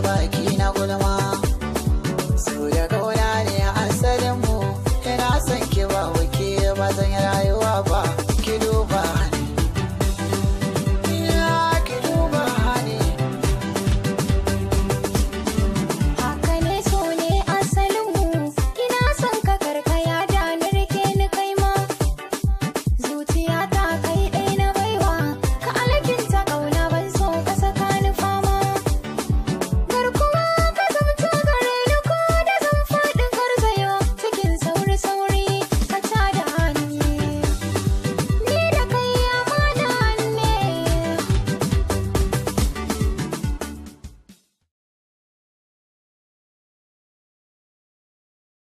baki na gulma so da kauna ne asalin mu ina son ki ba wake ba zan